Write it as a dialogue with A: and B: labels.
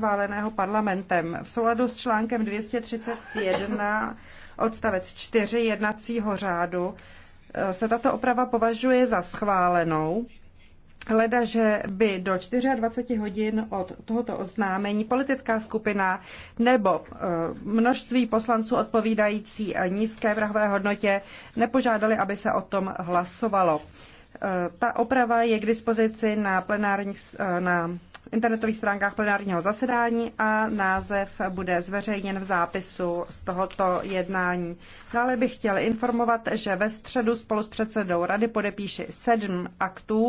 A: schváleného parlamentem. V souladu s článkem 231 odstavec 4 jednacího řádu eh, se tato oprava považuje za schválenou. Hleda, že by do 24 hodin od tohoto oznámení politická skupina nebo eh, množství poslanců odpovídající nízké vrahové hodnotě nepožádali, aby se o tom hlasovalo. Eh, ta oprava je k dispozici na plenárních na internetových stránkách plenárního zasedání a název bude zveřejněn v zápisu z tohoto jednání. Dále bych chtěl informovat, že ve středu spolu s předsedou rady podepíši sedm
B: aktů,